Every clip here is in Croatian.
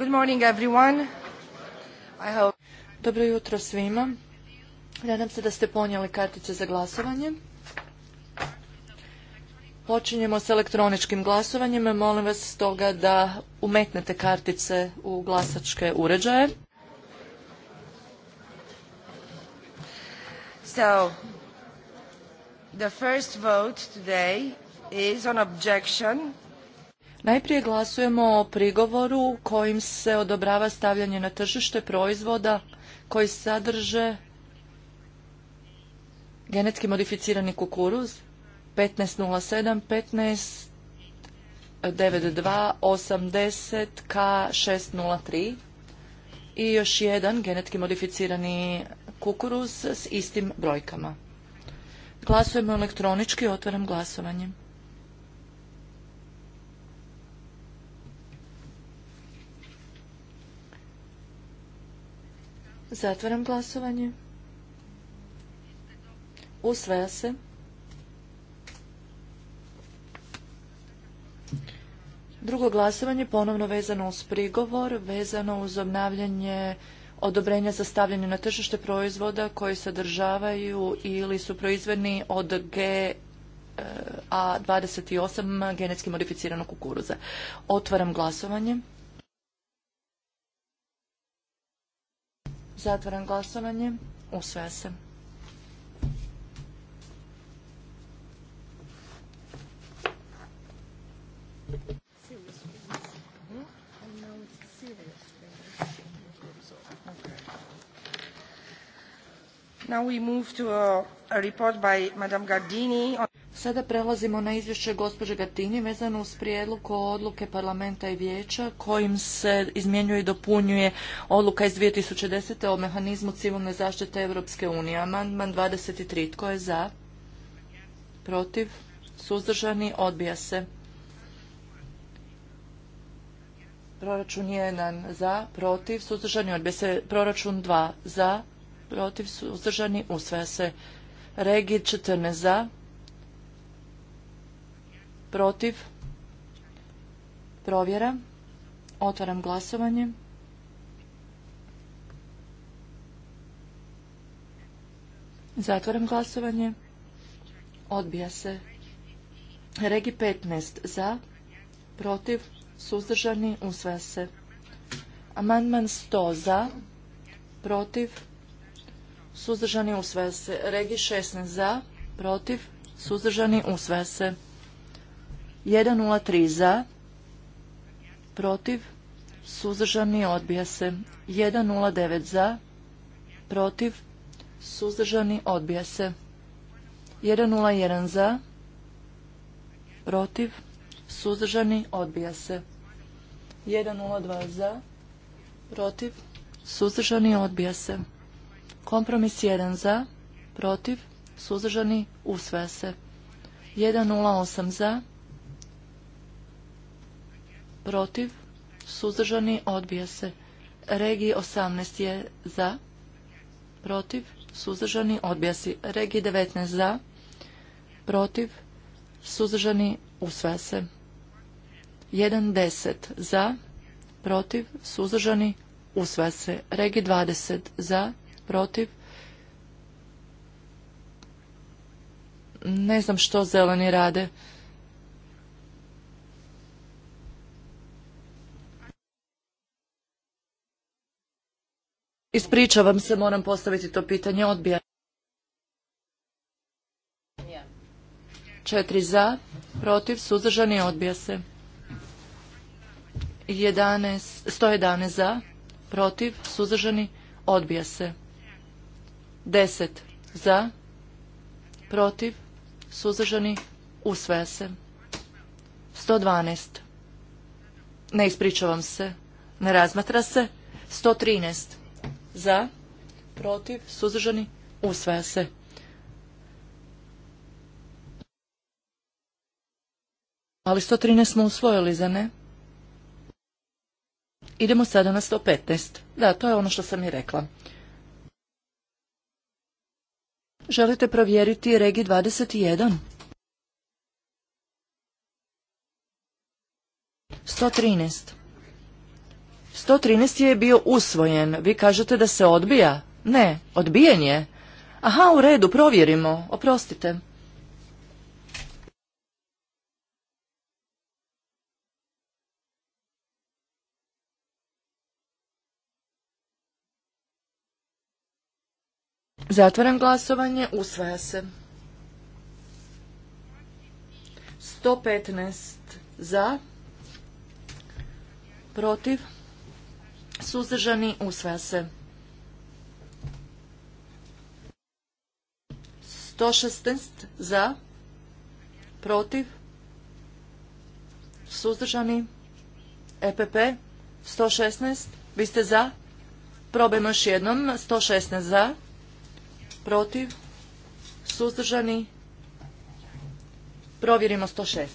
Good morning Dobro jutro svima. Nadam se da ste ponijeli kartice za glasovanje. Počinjemo s elektroničkim glasovanjem. Molim vas stoga da umetnete kartice u glasačke uređaje. So, the first vote today is on objection Najprije glasujemo o prigovoru kojim se odobrava stavljanje na tržište proizvoda koji sadrže genetski modificirani kukuruz 1507 15 80 K603 i još jedan genetski modificirani kukuruz s istim brojkama. Glasujemo elektronički, otvaram glasovanje. Zatvaram glasovanje. Usvaja se. Drugo glasovanje ponovno vezano uz prigovor, vezano uz obnavljanje odobrenja za stavljanje na tržište proizvoda koji sadržavaju ili su proizvedni od G a 28 genetski modificiranog kukuruza. Otvaram glasovanje. Zatvaram glasovanje. u se. Now we move to a report by Madame Gardini. Sada prelazimo na izvješće gospođe Gatini vezano uz prijedlog odluke parlamenta i vijeća kojim se izmjenjuje i dopunjuje odluka iz 2010. o mehanizmu civilne zaštite Europske unije. Amandman 23. Tko je za? Protiv? Suzdržani? Odbija se. Proračun 1 za, protiv, suzdržani, odbija se. Proračun 2 za, protiv, suzdržani, usvaja se. Regid 14 za, protiv, provjera, otvaram glasovanje. Zatvaram glasovanje. Odbija se. Regi 15 za, protiv, suzdržani, usvaja se. Amandman 100 za, protiv, suzdržani, usvaja se. Regi 16 za, protiv, suzdržani, usvaja se. 103 za, protiv, suzdržani, odbija se. 109 za, protiv, suzdržani, odbija se. 101 za, protiv, suzdržani, odbija se. 102 za, protiv, suzdržani, odbija se. Kompromis 1 za, protiv, suzdržani, usvaja se. 108 za, protiv, suzdržani, odbija se. Regi 18 je za, protiv, suzdržani, odbija se. Regi 19 za, protiv, suzdržani, usvaja se. 1.10 za, protiv, suzdržani, usvaja se. Regi 20 za, protiv, ne znam što zeleni rade. Ispričavam se, moram postaviti to pitanje. Odbija. Četiri za, protiv, suzdržani, odbija se. 11, 111 za, protiv, suzdržani, odbija se. Deset za, protiv, suzdržani, usvaja se. 112. Ne ispričavam se. Ne razmatra se. 113 za, protiv, suzdržani, usvaja se. Ali 113 smo usvojili, za ne? Idemo sada na 115. Da, to je ono što sam i rekla. Želite provjeriti regi 21? 113. 113 je bio usvojen. Vi kažete da se odbija? Ne, odbijen je. Aha, u redu, provjerimo. Oprostite. Zatvaram glasovanje. Usvaja se. 115 za. Protiv. Suzdržani usvaja se. 116 za. Protiv. Suzdržani. EPP. 116. Vi ste za? Probajmo još jednom. 116 za. Protiv. Suzdržani. Provjerimo 116.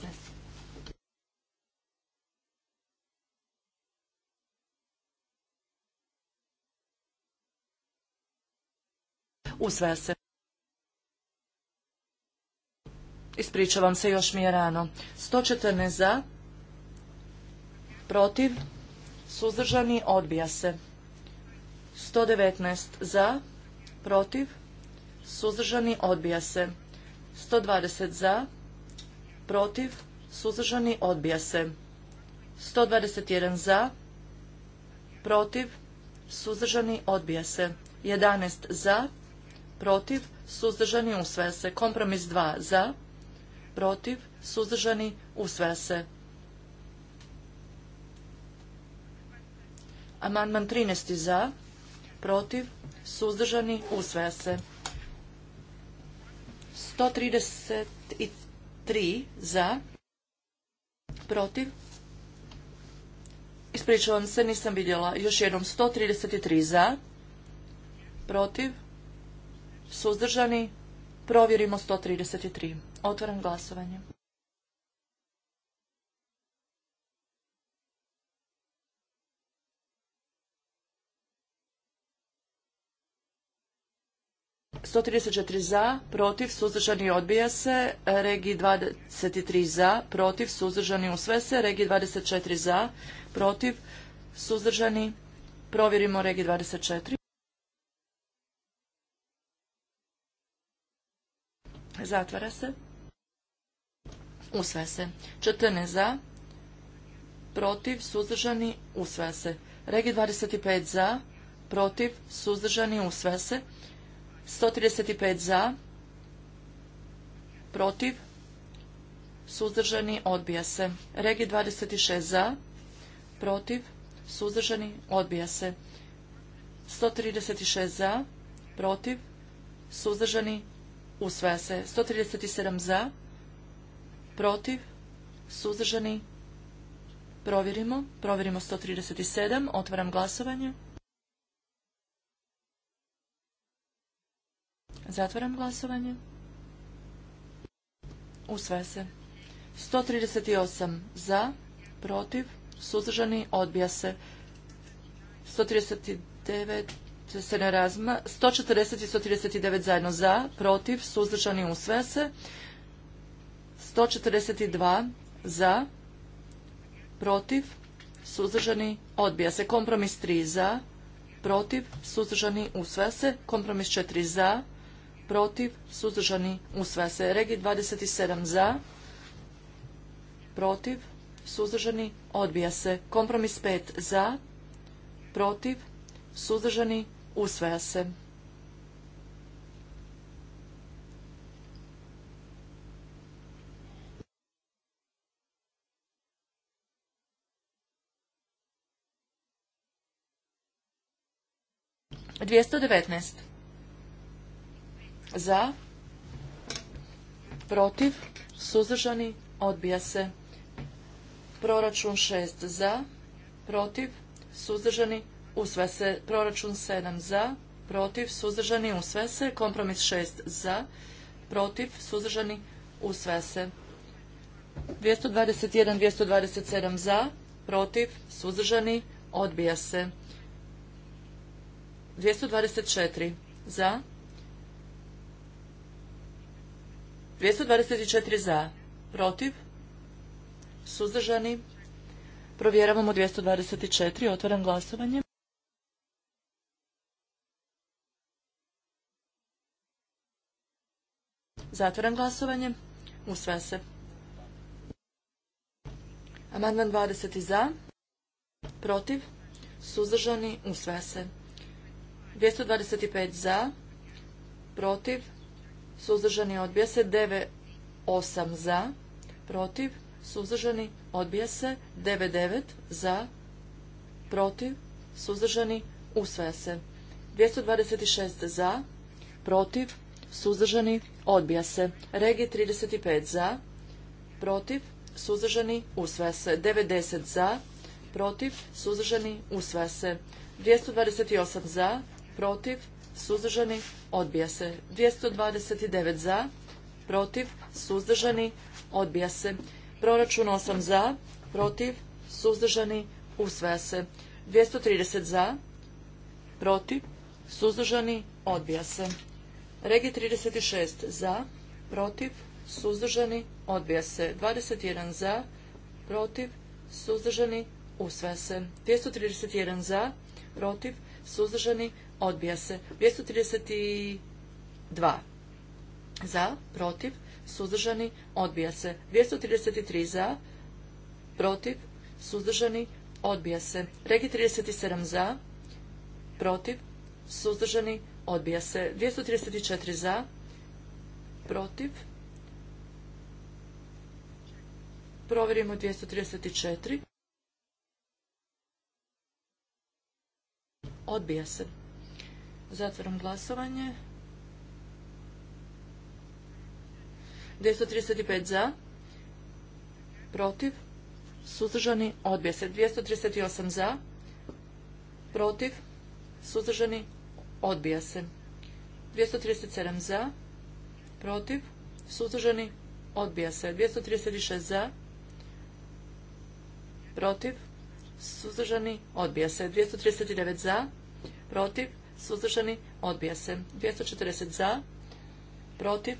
Usvaja se. Ispričavam se, još mi je rano. 114 za, protiv, suzdržani, odbija se. 119 za, protiv, suzdržani, odbija se. 120 za, protiv, suzdržani, odbija se. 121 za, protiv, suzdržani, odbija se. 11 za, protiv, suzdržani, usvaja se. Kompromis 2 za, protiv, suzdržani, usvaja se. Amandman 13 za, protiv, suzdržani, usvaja se. 133 za, protiv, ispričavam se, nisam vidjela, još jednom 133 za, protiv, suzdržani, provjerimo 133. Otvaram glasovanje. Sto za, protiv, suzdržani odbija se, regi 23 za, protiv, suzdržani usve se, regi 24 za, protiv, suzdržani, provjerimo regi 24. Zatvara se. Usvaja se. 14 za. Protiv. Suzdržani. Usvaja se. Regi 25 za. Protiv. Suzdržani. Usvaja se. 135 za. Protiv. Suzdržani. Odbija se. Regi 26 za. Protiv. Suzdržani. Odbija se. 136 za. Protiv. Suzdržani. Usvaja se. 137 za. Protiv. Suzdržani. Provjerimo. Provjerimo 137. Otvaram glasovanje. Zatvaram glasovanje. Usvaja se. 138 za. Protiv. Suzdržani. Odbija se. 139 se ne razma. 140 i 139 zajedno za, protiv, suzdržani, sve se. 142 za, protiv, suzdržani, odbija se. Kompromis 3 za, protiv, suzdržani, sve se. Kompromis 4 za, protiv, suzdržani, sve se. Regi 27 za, protiv, suzdržani, odbija se. Kompromis 5 za, protiv, suzdržani, usvaja se. Dvijesto devetnaest za, protiv, suzdržani, odbija se. Proračun 6 za, protiv, suzdržani, usvaja se proračun 7 za, protiv, suzdržani, usvaja se, kompromis 6 za, protiv, suzdržani, usvaja se. 221, 227 za, protiv, suzdržani, odbija se. 224 za, 224 za, protiv, suzdržani, provjeravamo 224, otvaram glasovanje. Zatvoram glasovanje. Usvaja se. Amandman 20 za. Protiv. Suzdržani. Usvaja se. 225 za. Protiv. Suzdržani odbija se. 9, 8 za. Protiv. Suzdržani odbija se. 9, 9 za. Protiv. Suzdržani usvaja se. 226 za. Protiv. Suzdržani Odbija se. Regi 35 za, protiv, suzdržani, usvaja se. 90 za, protiv, suzdržani, usvaja se. 228 za, protiv, suzdržani, odbija se. 229 za, protiv, suzdržani, odbija se. Proračun 8 za, protiv, suzdržani, usvaja se. 230 za, protiv, suzdržani, odbija se. Regi 36 za, protiv, suzdržani, odbija se. 21 za, protiv, suzdržani, usvaja se. 231 za, protiv, suzdržani, odbija se. 232 za, protiv, suzdržani, odbija se. 233 za, protiv, suzdržani, odbija se. Regi 37 za, protiv, suzdržani, Odbija se. 234 za. Protiv. Provjerimo 234. Odbija se. Zatvaram glasovanje. 235 za. Protiv. Suzdržani. Odbija se. 238 za. Protiv. Suzdržani. Odbija se. 237 za, protiv, suzdržani, odbija se. 236 za, protiv, suzdržani, odbija se. 239 za, protiv, suzdržani, odbija se. 240 za, protiv,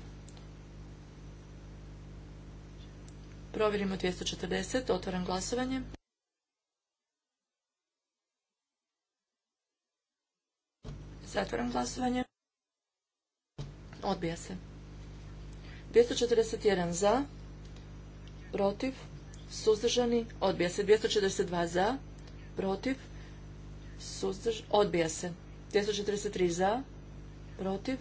provjerimo 240, Otvoram glasovanje. Zatvaram glasovanje. Odbija se. 241 za, protiv, suzdržani, odbija se. 242 za, protiv, suzdržani, odbija se. 243 za, protiv,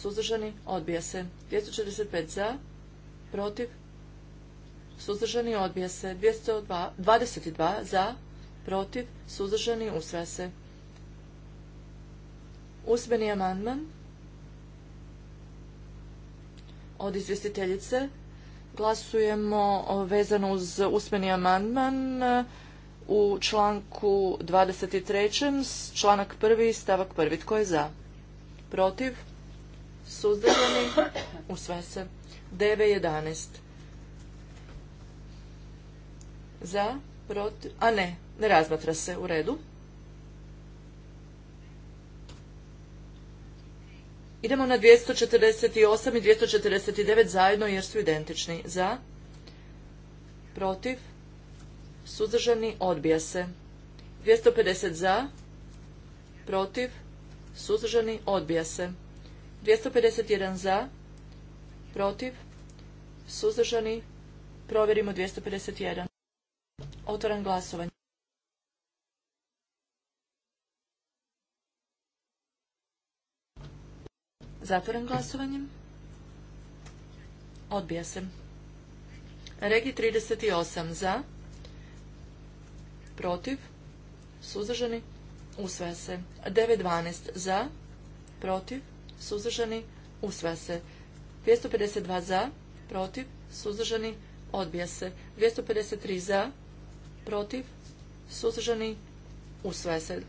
suzdržani, odbija se. 245 za, protiv, suzdržani, odbija se. 22 za, protiv, suzdržani, usvaja se. Usmeni amandman od izvjestiteljice. Glasujemo vezano uz usmeni amandman uh, u članku 23. članak 1. stavak 1. Tko je za? Protiv? Suzdržani? Usvaja se. 9.11. Za? Protiv? A ne, ne razmatra se. U redu. Idemo na 248 i 249 zajedno jer su identični. Za, protiv, suzdržani, odbija se. 250 za, protiv, suzdržani, odbija se. 251 za, protiv, suzdržani, provjerimo 251. Otvoran glasovanje. Zatvoren glasovanjem. Odbija se. Regi 38 za. Protiv. Suzdržani. Usvaja se. 9.12 za. Protiv. Suzdržani. Usvaja se. 252 za. Protiv. Suzdržani. Odbija se. 253 za. Protiv. Suzdržani. Usvaja se.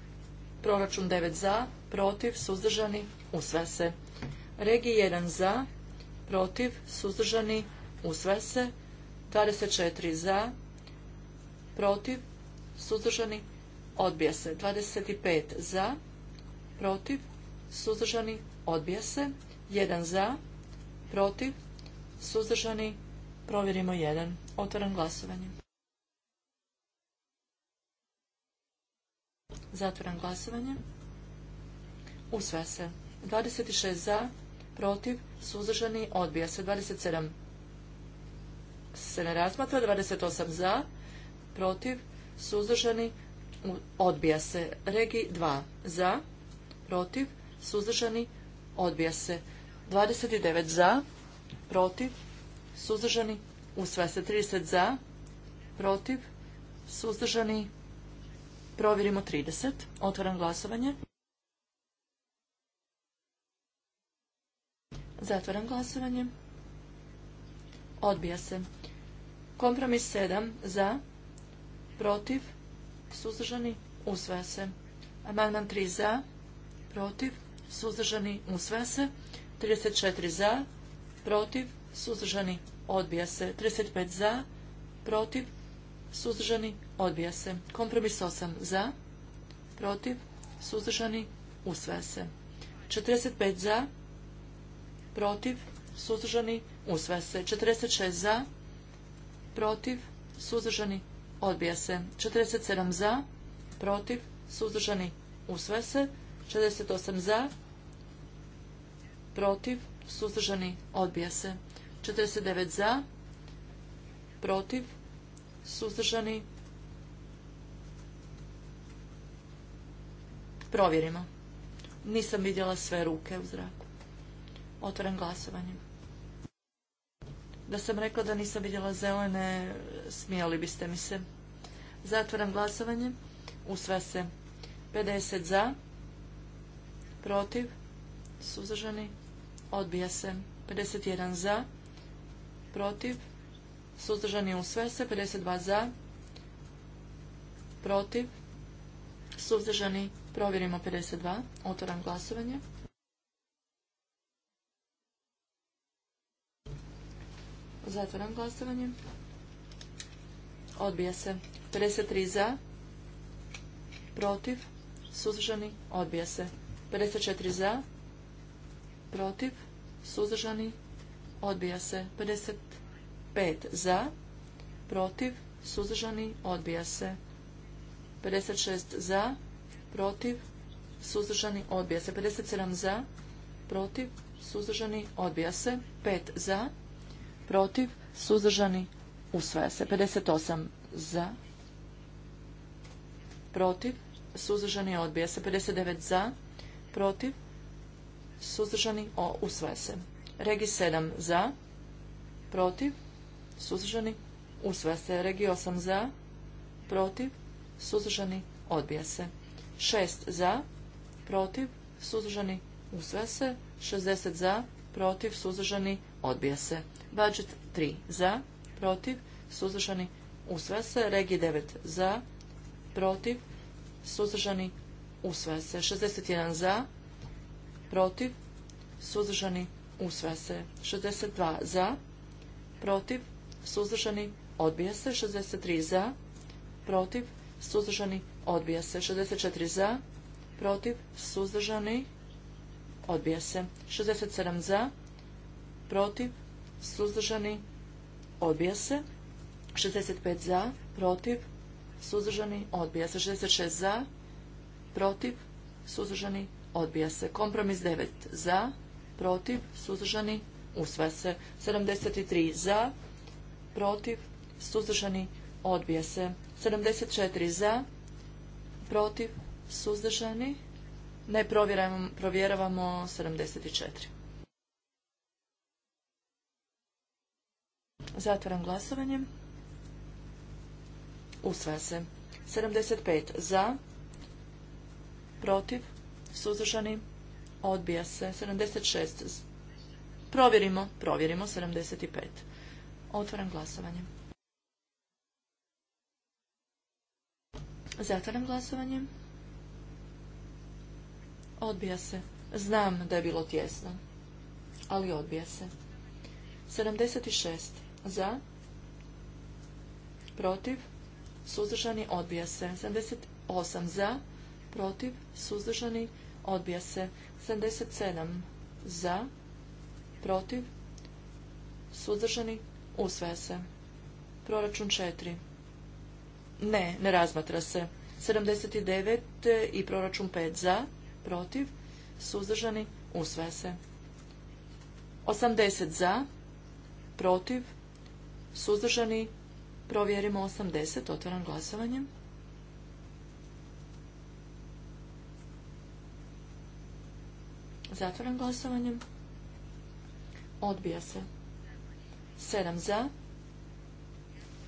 Proračun 9 za. Protiv. Suzdržani. Usvaja se. Regi 1 za, protiv, suzdržani, usvaja se. 24 za, protiv, suzdržani, odbija se. 25 za, protiv, suzdržani, odbija se. 1 za, protiv, suzdržani, provjerimo 1. Otvaram glasovanje. Zatvaram glasovanje. Usvaja se. 26 za, protiv, suzdržani, odbija se. 27 se ne razmatra, 28 za, protiv, suzdržani, odbija se. Regi 2 za, protiv, suzdržani, odbija se. 29 za, protiv, suzdržani, usvaja se. 30 za, protiv, suzdržani, provjerimo 30. Otvaram glasovanje. Zatvaram glasovanje. Odbija se. Kompromis 7 za, protiv, suzdržani, usvaja se. Amandman 3 za, protiv, suzdržani, usvaja se. 34 za, protiv, suzdržani, odbija se. 35 za, protiv, suzdržani, odbija se. Kompromis 8 za, protiv, suzdržani, usvaja se. 45 za, protiv, suzdržani, usvaja se. 46 za, protiv, suzdržani, odbija se. 47 za, protiv, suzdržani, usvaja se. 48 za, protiv, suzdržani, odbija se. 49 za, protiv, suzdržani, provjerimo. Nisam vidjela sve ruke u zraku. Otvoren glasovanje. Da sam rekla da nisam vidjela zelene, smijali biste mi se. Zatvoram glasovanje. sve se. 50 za. Protiv. Suzdržani. Odbija se. 51 za. Protiv. Suzdržani usvaja se. 52 za. Protiv. Suzdržani. Provjerimo 52. Otvoram glasovanje. Zatvoram glasovanje. Odbija se. 53 za. Protiv. Suzdržani. Odbija se. 54 za. Protiv. Suzdržani. Odbija se. 55 za. Protiv. Suzdržani. Odbija se. 56 za. Protiv. Suzdržani. Odbija se. 57 za. Protiv. Suzdržani. Odbija se. 5 za protiv, suzdržani, usvaja se. 58 za, protiv, suzdržani, odbija se. 59 za, protiv, suzdržani, o, usvaja se. Regi 7 za, protiv, suzdržani, usvaja se. Regi 8 za, protiv, suzdržani, odbija se. 6 za, protiv, suzdržani, usvaja se. 60 za, protiv, suzdržani, odbija se odbija se. Budžet 3 za, protiv, suzdržani, usvaja se. Regi 9 za, protiv, suzdržani, usvaja se. 61 za, protiv, suzdržani, usvaja se. 62 za, protiv, suzdržani, odbija se. 63 za, protiv, suzdržani, odbija se. 64 za, protiv, suzdržani, odbija se. 67 za, protiv, suzdržani, odbija se. 65 za, protiv, suzdržani, odbija se. 66 za, protiv, suzdržani, odbija se. Kompromis 9 za, protiv, suzdržani, usvaja se. 73 za, protiv, suzdržani, odbija se. 74 za, protiv, suzdržani, ne provjeravamo, provjeravamo 74. Zatvaram glasovanje. Usvaja se. 75 za, protiv, suzdržani, odbija se. 76 provjerimo, provjerimo 75. Otvaram glasovanje. Zatvaram glasovanje. Odbija se. Znam da je bilo tjesno, ali odbija se. 76 za, protiv, suzdržani, odbija se. 78 za, protiv, suzdržani, odbija se. 77 za, protiv, suzdržani, usvaja se. Proračun 4. Ne, ne razmatra se. 79 i proračun 5 za, protiv, suzdržani, usvaja se. 80 za, protiv, suzdržani, provjerimo 80, otvaram glasovanje. Zatvaram glasovanje. Odbija se. 7 za,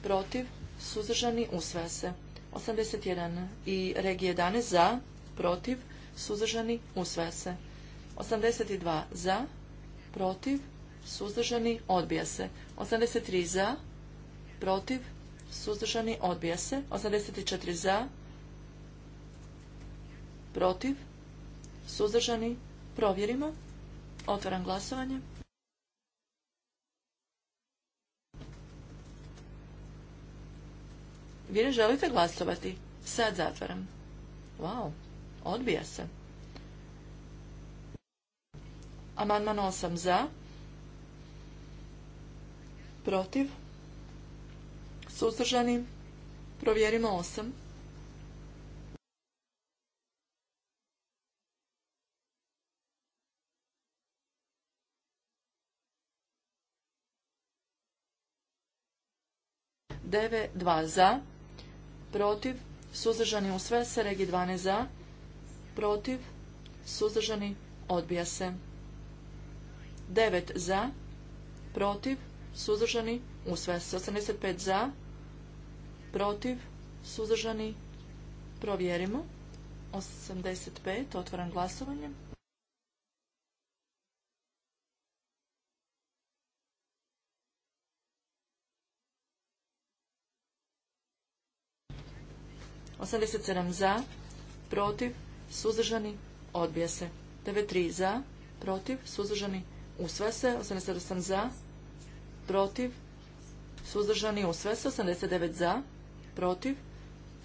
protiv, suzdržani, usvaja se. 81 i regije 11 za, protiv, suzdržani, usvaja se. 82 za, protiv, suzdržani, odbija se. 83 za, protiv, suzdržani, odbija se. 84 za, protiv, suzdržani, provjerimo. Otvaram glasovanje. Vi ne želite glasovati? Sad zatvaram. Wow, odbija se. Amandman 8 za, protiv, suzdržani, provjerimo 8. 9 2 za, protiv, suzdržani u sve se, regi 12 za, protiv, suzdržani, odbija se. 9 za, protiv, suzdržani, usvaja se. 85 za, protiv, suzdržani, provjerimo. 85, otvaram glasovanje. Osamdeset sedam za, protiv, suzdržani, odbija se. 93 za, protiv, suzdržani, usvaja se. 88 za, protiv, suzdržani, u se. 89 za, protiv,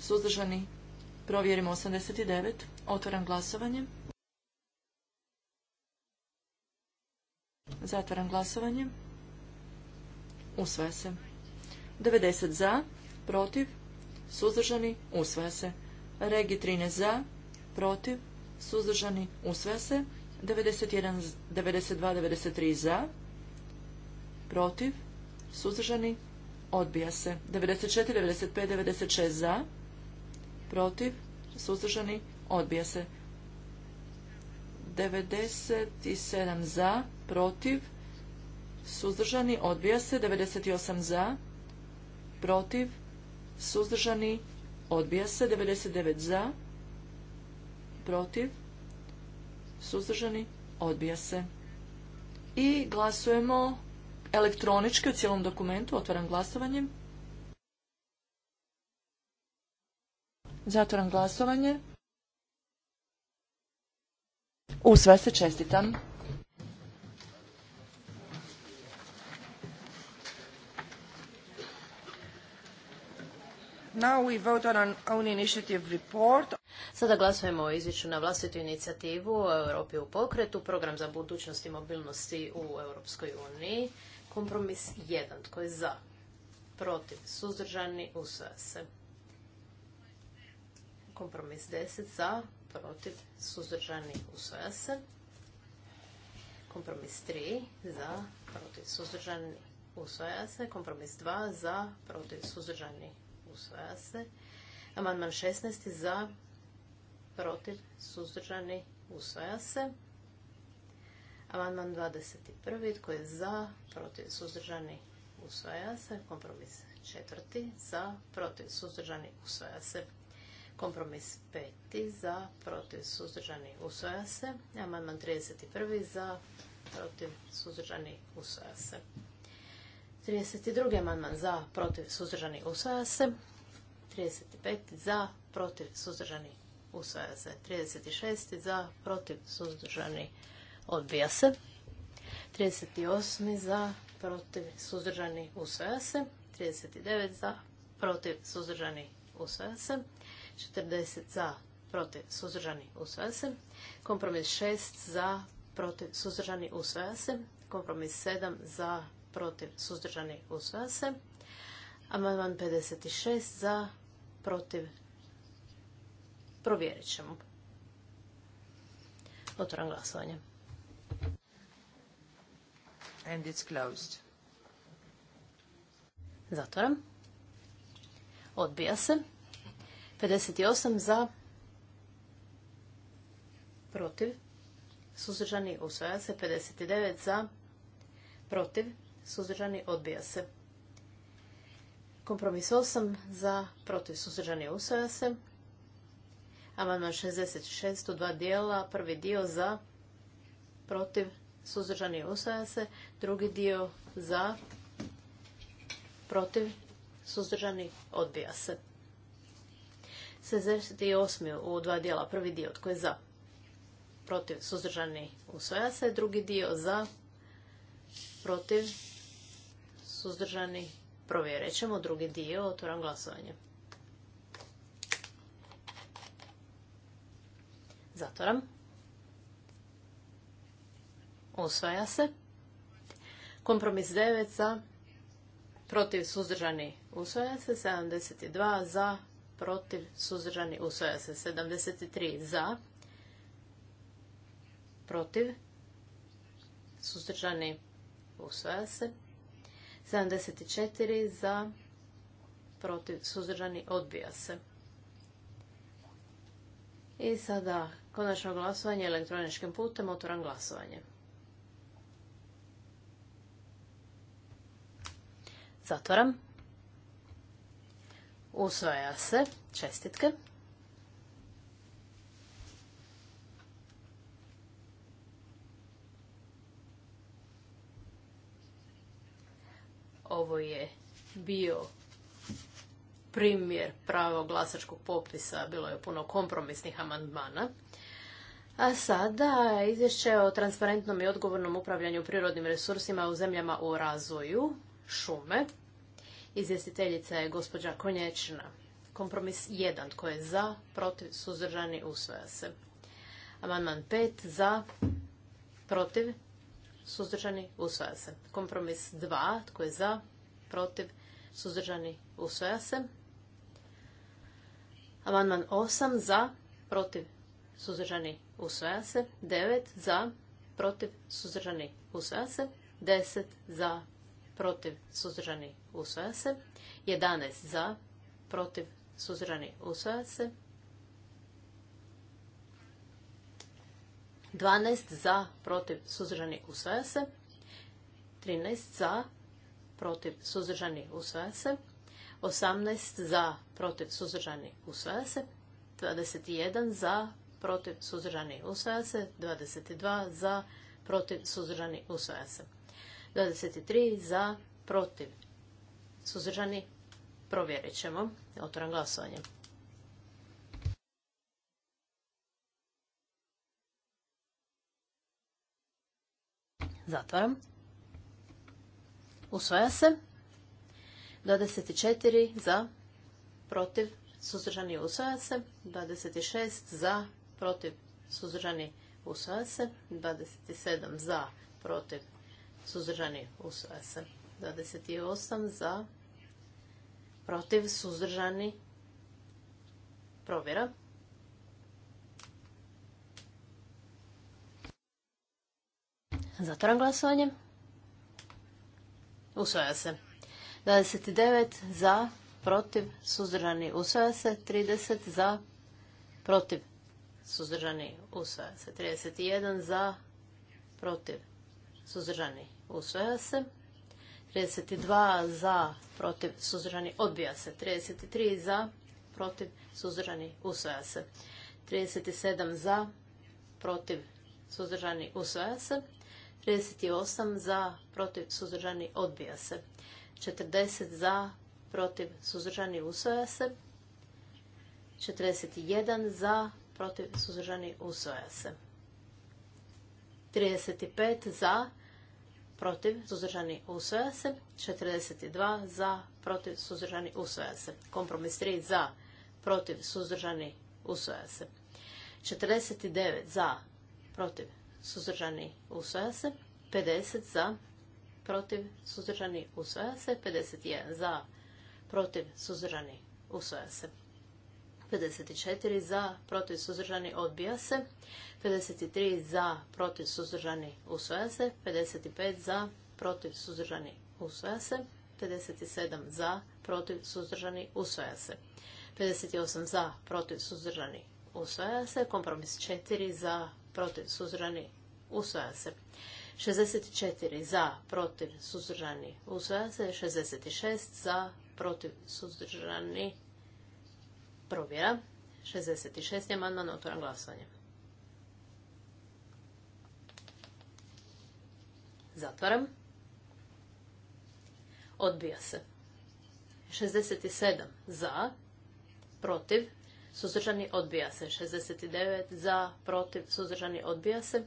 suzdržani, provjerimo 89. Otvaram glasovanje. Zatvaram glasovanje. Usvaja se. 90 za, protiv, suzdržani, usvaja se. Regi 13 za, protiv, suzdržani, usvaja se. 91, 92, 93 za, protiv, suzdržani, odbija se. 94, 95, 96 za, protiv, suzdržani, odbija se. 97 za, protiv, suzdržani, odbija se. 98 za, protiv, suzdržani, odbija se. 99 za, protiv, suzdržani, odbija se. I glasujemo elektronički u cijelom dokumentu. Otvaram glasovanje. Zatvaram glasovanje. U sve se čestitam. Now we report. Sada glasujemo o izvješću na vlastitu inicijativu Europi u pokretu, program za budućnost i mobilnosti u Europskoj uniji. Kompromis 1. Tko je za? Protiv. Suzdržani. Usvaja se. Kompromis 10. Za. Protiv. Suzdržani. Usvaja se. Kompromis 3. Za. Protiv. Suzdržani. Usvaja se. Kompromis 2. Za. Protiv. Suzdržani. Usvaja se. Amandman 16. Za. Protiv. Suzdržani. Usvaja se. Amandman 21. Tko je za? Protiv? Suzdržani? Usvaja se. Kompromis 4 Za? Protiv? Suzdržani? Usvaja se. Kompromis 5 Za? Protiv? Suzdržani? Usvaja se. Amandman 31. Za? Protiv? Suzdržani? Usvaja se. 32. amandman za, protiv, suzdržani, usvaja se. 35. za, protiv, suzdržani, usvaja se. 36. za, protiv, suzdržani, usvaja se. Odbija se. 38. za, protiv, suzdržani, usvaja se. 39. za, protiv, suzdržani, usvaja se. 40. za, protiv, suzdržani, usvaja se. Kompromis 6. za, protiv, suzdržani, usvaja se. Kompromis 7. za, protiv, suzdržani, usvaja se. Amandman 56. za, protiv, provjerit ćemo. Otvoram glasovanje and it's closed. Zatvoram. Odbija se. 58 za. Protiv. Suzdržani usvaja se. 59 za. Protiv. Suzdržani odbija se. Kompromis 8 za. Protiv. Suzdržani usvaja se. Amandman 66 u dva dijela. Prvi dio za. Protiv suzdržani usvaja se, drugi dio za, protiv, suzdržani odbija se. 68. u dva dijela, prvi dio tko je za, protiv, suzdržani usvaja se, drugi dio za, protiv, suzdržani provjerit ćemo, drugi dio, otvoram glasovanje. Zatoram. Usvaja se. Kompromis 9 za, protiv suzdržani usvaja se. 72 za, protiv suzdržani usvaja se. 73 za, protiv suzdržani usvaja se. 74 za, protiv suzdržani odbija se. I sada konačno glasovanje elektroničkim putem. Otvoram glasovanje. Zatvoram. Usvaja se. Čestitke. Ovo je bio primjer pravog glasačkog popisa. Bilo je puno kompromisnih amandmana. A sada izvješće o transparentnom i odgovornom upravljanju prirodnim resursima u zemljama u razvoju šume. Izvjestiteljica je gospođa Konječna. Kompromis 1. Tko je za, protiv, suzdržani, usvaja se. Amandman 5. Za, protiv, suzdržani, usvaja se. Kompromis 2. Tko je za, protiv, suzdržani, usvaja se. Amandman 8. Za, protiv, suzdržani, usvaja se. 9. Za, protiv, suzdržani, usvaja se. 10. Za, protiv, suzdržani, usvaja se. 11 za, protiv, suzdržani, usvaja se. 12 za, protiv, suzdržani, usvaja se. 13 za, protiv, suzdržani, usvaja se. 18 za, protiv, suzdržani, usvaja se. 21 za, protiv, suzdržani, usvaja se. 22 za, protiv, suzdržani, usvaja se. 23 za, protiv, suzdržani, provjerit ćemo. Otvoram glasovanje. Zatvaram. Usvaja se. 24 za, protiv, suzdržani usvaja se. 26 za, protiv, suzdržani usvaja se. 27 za, protiv, suzdržani, usvaja se. 28 za, protiv, suzdržani, provjera. Zatvoram glasovanje. Usvaja se. 29 za, protiv, suzdržani, usvaja se. 30 za, protiv, suzdržani, usvaja se. 31 za, protiv, suzdržani, usvaja se. 32 za, protiv, suzdržani, odbija se. 33 za, protiv, suzdržani, usvaja se. 37 za, protiv, suzdržani, usvaja se. 38 za, protiv, suzdržani, odbija se. 40 za, protiv, suzdržani, usvaja se. 41 za, protiv, suzdržani, usvaja se. 35 za, protiv, suzdržani, usvaja se. 42 za, protiv, suzdržani, usvaja se. Kompromis 3 za, protiv, suzdržani, usvaja se. 49 za, protiv, suzdržani, usvaja se. 50 za, protiv, suzdržani, usvaja se. 51 za, protiv, suzdržani, usvaja se. 54 za, protiv suzdržani odbija se. 53 za, protiv suzdržani usvaja se. 55 za, protiv suzdržani se. 57 za, protiv suzdržani usvaja se. 58 za, protiv suzdržani usvaja se. Kompromis 4 za, protiv suzdržani usvaja se. 64 za, protiv suzdržani usvaja se. 66 za, protiv suzdržani Provjera. 66. amandman, otvoram glasovanje. Zatvaram. Odbija se. 67 za, protiv, suzdržani odbija se. 69 za, protiv, suzdržani odbija se.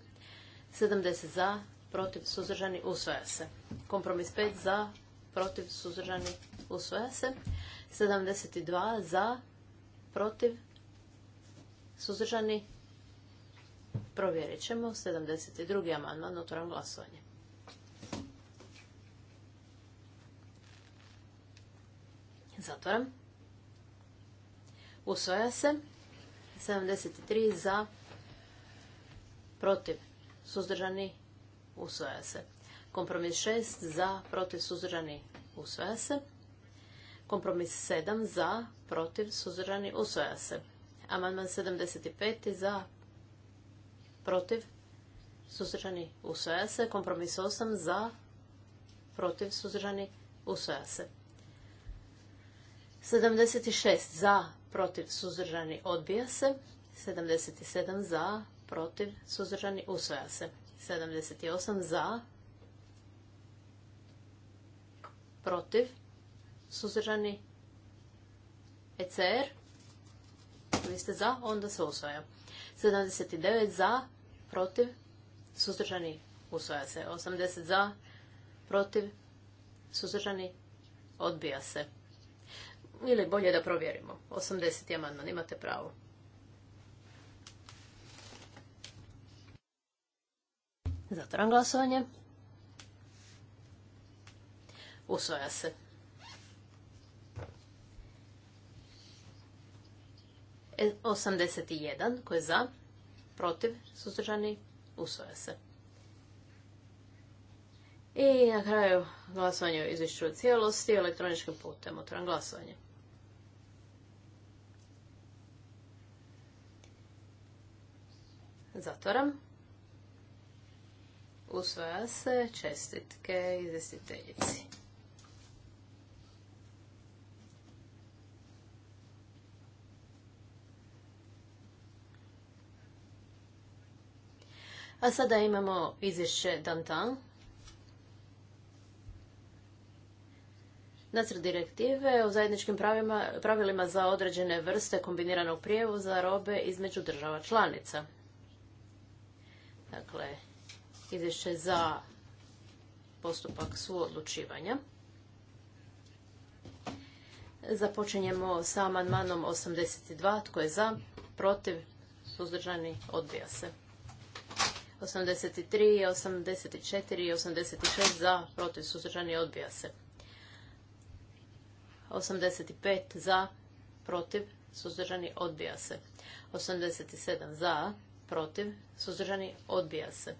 70 za, protiv, suzdržani usvaja se. Kompromis 5 za, protiv, suzdržani usvaja se. 72 za, protiv, suzdržani, provjerit ćemo. 72. amandman, otvoram glasovanje. Zatvoram. Usvoja se. 73 za, protiv, suzdržani, usvaja se. Kompromis 6 za, protiv, suzdržani, usvaja se. Kompromis 7 za, protiv, suzržani, usvoja se. Amandman 75 za, protiv, suzdržani, usvoja se. Kompromis 8 za, protiv, suzdržani, usvoja se. 76 za, protiv, suzdržani, odbija se. 77 za, protiv, suzdržani, usvoja se. 78 za, protiv, suzdržani, ECR, vi za, onda se usvaja. 79 za, protiv, suzdržani, usvaja se. 80 za, protiv, suzdržani, odbija se. Ili bolje da provjerimo. 80. amandman, imate pravo. Zatvoram glasovanje. Usvaja se. 81 koji je za, protiv, suzdržani, usvoja se. I na kraju glasovanje o izvješću u cijelosti elektroničkim putem. Otvoram glasovanje. Zatvoram. Usvoja se čestitke izvjestiteljici. A sada imamo izvješće Dantan. Nacrt direktive o zajedničkim pravilima za određene vrste kombiniranog prijevoza robe između država članica. Dakle, izvješće za postupak suodlučivanja. Započinjemo sa amandmanom 82. Tko je za? Protiv? Suzdržani? Odbija se. 83, 84 i 86 za, protiv suzdržani odbija se. 85 za, protiv suzdržani odbija se. 87 za, protiv suzdržani odbija se.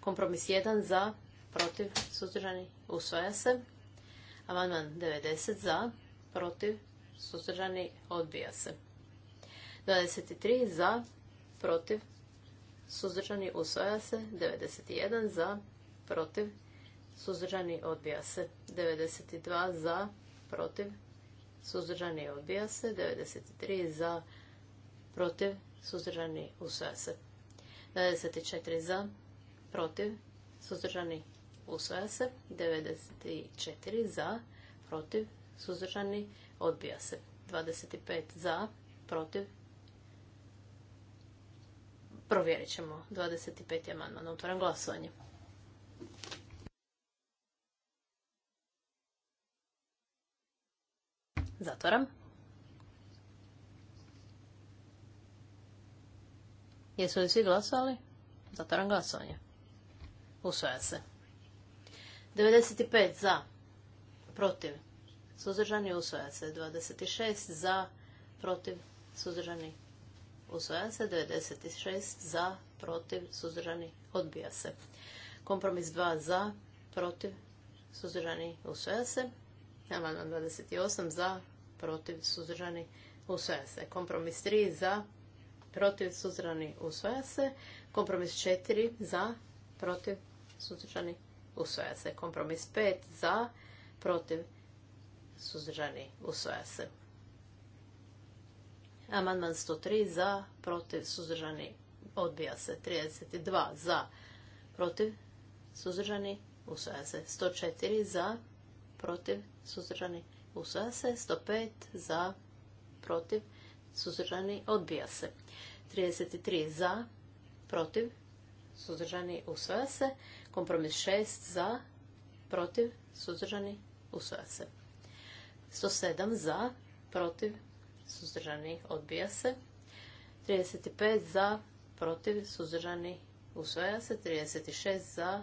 Kompromis 1 za, protiv suzdržani usvaja se. Amandman 90 za, protiv suzdržani odbija se. 23 za, protiv suzdržani, usvaja se. 91 za, protiv, suzdržani, odbija se. 92 za, protiv, suzdržani, odbija se. 93 za, protiv, suzdržani, usvaja se. 94 za, protiv, suzdržani, usvaja se. 94 za, protiv, suzdržani, odbija se. 25 za, protiv, Provjerit ćemo 25. amandman. Otvoram glasovanje. Zatvoram. Jesu li svi glasovali? Zatvaram glasovanje. Usvaja se. 95 za. Protiv. Suzdržani usvaja se. 26 za. Protiv. Suzdržani usvaja se, 96 za, protiv, suzdržani, odbija se. Kompromis 2 za, protiv, suzdržani, usvaja se. Amandman 28 za, protiv, suzdržani, usvaja se. Kompromis 3 za, protiv, suzdržani, usvaja se. Kompromis 4 za, protiv, suzdržani, usvaja se. Kompromis 5 za, protiv, suzdržani, usvaja se. Amandman 103 za, protiv, suzdržani, odbija se. 32 za, protiv, suzdržani, usvaja se. 104 za, protiv, suzdržani, usvaja se. 105 za, protiv, suzdržani, odbija se. 33 za, protiv, suzdržani, usvaja se. Kompromis 6 za, protiv, suzdržani, usvaja se. 107 za, protiv, suzdržani, odbija se. 35 za, protiv, suzdržani, usvaja se. 36 za,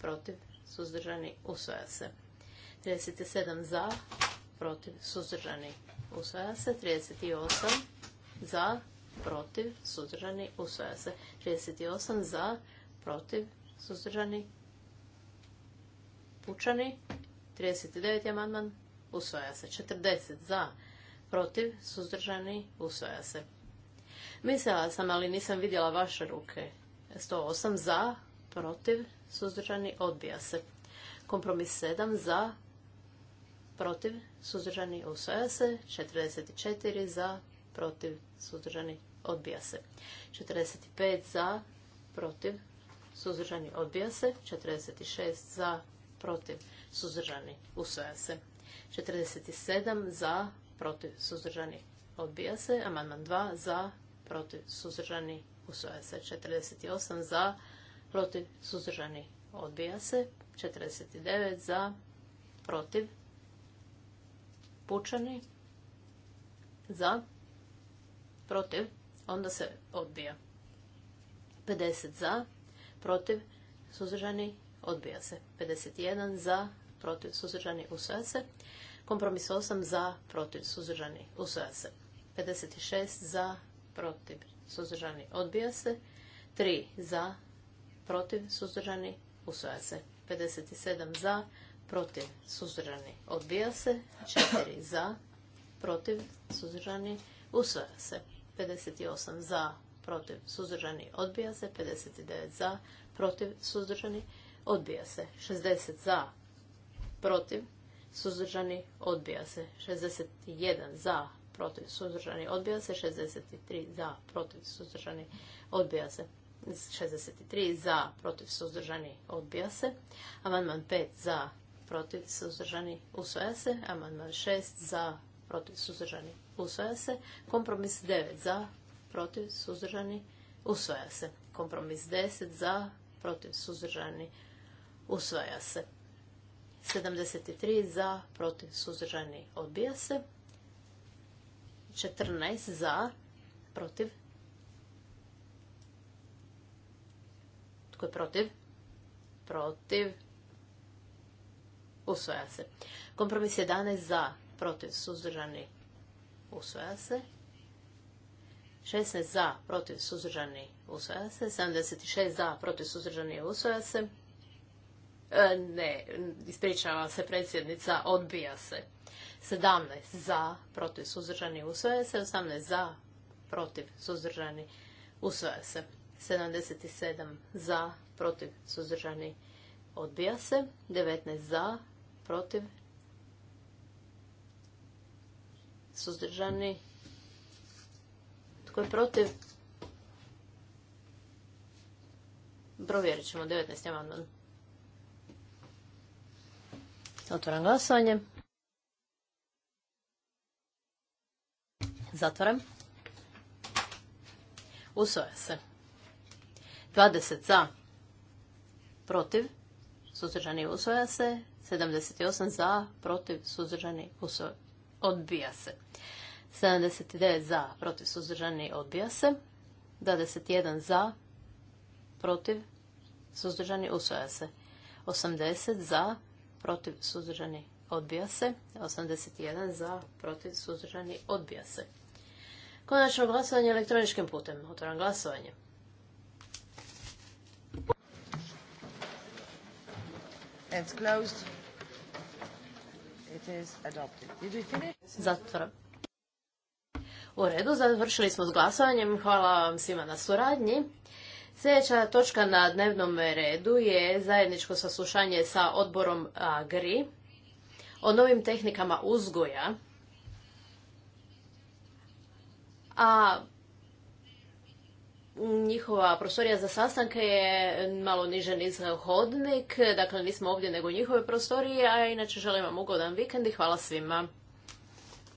protiv, suzdržani, usvaja se. 37 za, protiv, suzdržani, usvaja se. 38 za, protiv, suzdržani, usvaja se. 38 za, protiv, suzdržani, pučani. 39. amandman, usvaja se. 40 za, protiv, suzdržani, usvaja se. Mislila sam, ali nisam vidjela vaše ruke. 108 za, protiv, suzdržani, odbija se. Kompromis 7 za, protiv, suzdržani, usvaja se. 44 za, protiv, suzdržani, odbija se. 45 za, protiv, suzdržani, odbija se. 46 za, protiv, suzdržani, usvaja se. 47 za, protiv, suzdržani, odbija se. Amandman 2 za, protiv, suzdržani, usvaja se. 48 za, protiv, suzdržani, odbija se. 49 za, protiv, pučani, za, protiv, onda se odbija. 50 za, protiv, suzdržani, odbija se. 51 za, protiv, suzdržani, usvaja se. Kompromis 8 za, protiv, suzdržani, usvaja se. 56 za, protiv, suzdržani, odbija se. 3 za, protiv, suzdržani, usvaja se. 57 za, protiv, suzdržani, odbija se. 4 za, protiv, suzdržani, usvaja se. 58 za, protiv, suzdržani, odbija se. 59 za, protiv, suzdržani, odbija se. 60 za, protiv, suzdržani, odbija se. 61 za, protiv, suzdržani, odbija se. 63 za, protiv, suzdržani, odbija se. 63 za, protiv, suzdržani, odbija se. Amandman 5 za, protiv, suzdržani, usvaja se. Amandman 6 za, protiv, suzdržani, usvaja se. Kompromis 9 za, protiv, suzdržani, usvaja se. Kompromis 10 za, protiv, suzdržani, usvaja se. 73 za, protiv, suzdržani, odbija se. 14 za, protiv. Tko je protiv? Protiv. Usvaja se. Kompromis 11 za, protiv, suzdržani, usvaja se. 16 za, protiv, suzdržani, usvaja se. 76 za, protiv, suzdržani, usvaja se. E, ne, ispričava se predsjednica, odbija se. 17 za, protiv suzdržani, usvaja se. 18 za, protiv suzdržani, usvaja se. 77 za, protiv suzdržani, odbija se. 19 za, protiv suzdržani. Tko je protiv? Provjerit ćemo 19. amandman. Otvaram glasovanje. Zatvaram. Usvoja se. 20 za, protiv, suzdržani usvoja se. 78 za, protiv, suzdržani usvoja. odbija se. 79 za, protiv, suzdržani odbija se. 21 za, protiv, suzdržani usvoja se. 80 za, protiv suzdržani odbija se. 81 za protiv suzdržani odbija se. Konačno glasovanje elektroničkim putem. Otvoram glasovanje. It's closed. It is adopted. U redu, završili smo s glasovanjem. Hvala vam svima na suradnji. Sljedeća točka na dnevnom redu je zajedničko saslušanje sa odborom AGRI o novim tehnikama uzgoja. A njihova prostorija za sastanke je malo niže niz hodnik, dakle nismo ovdje nego njihove prostorije, a inače želim vam ugodan vikend i hvala svima.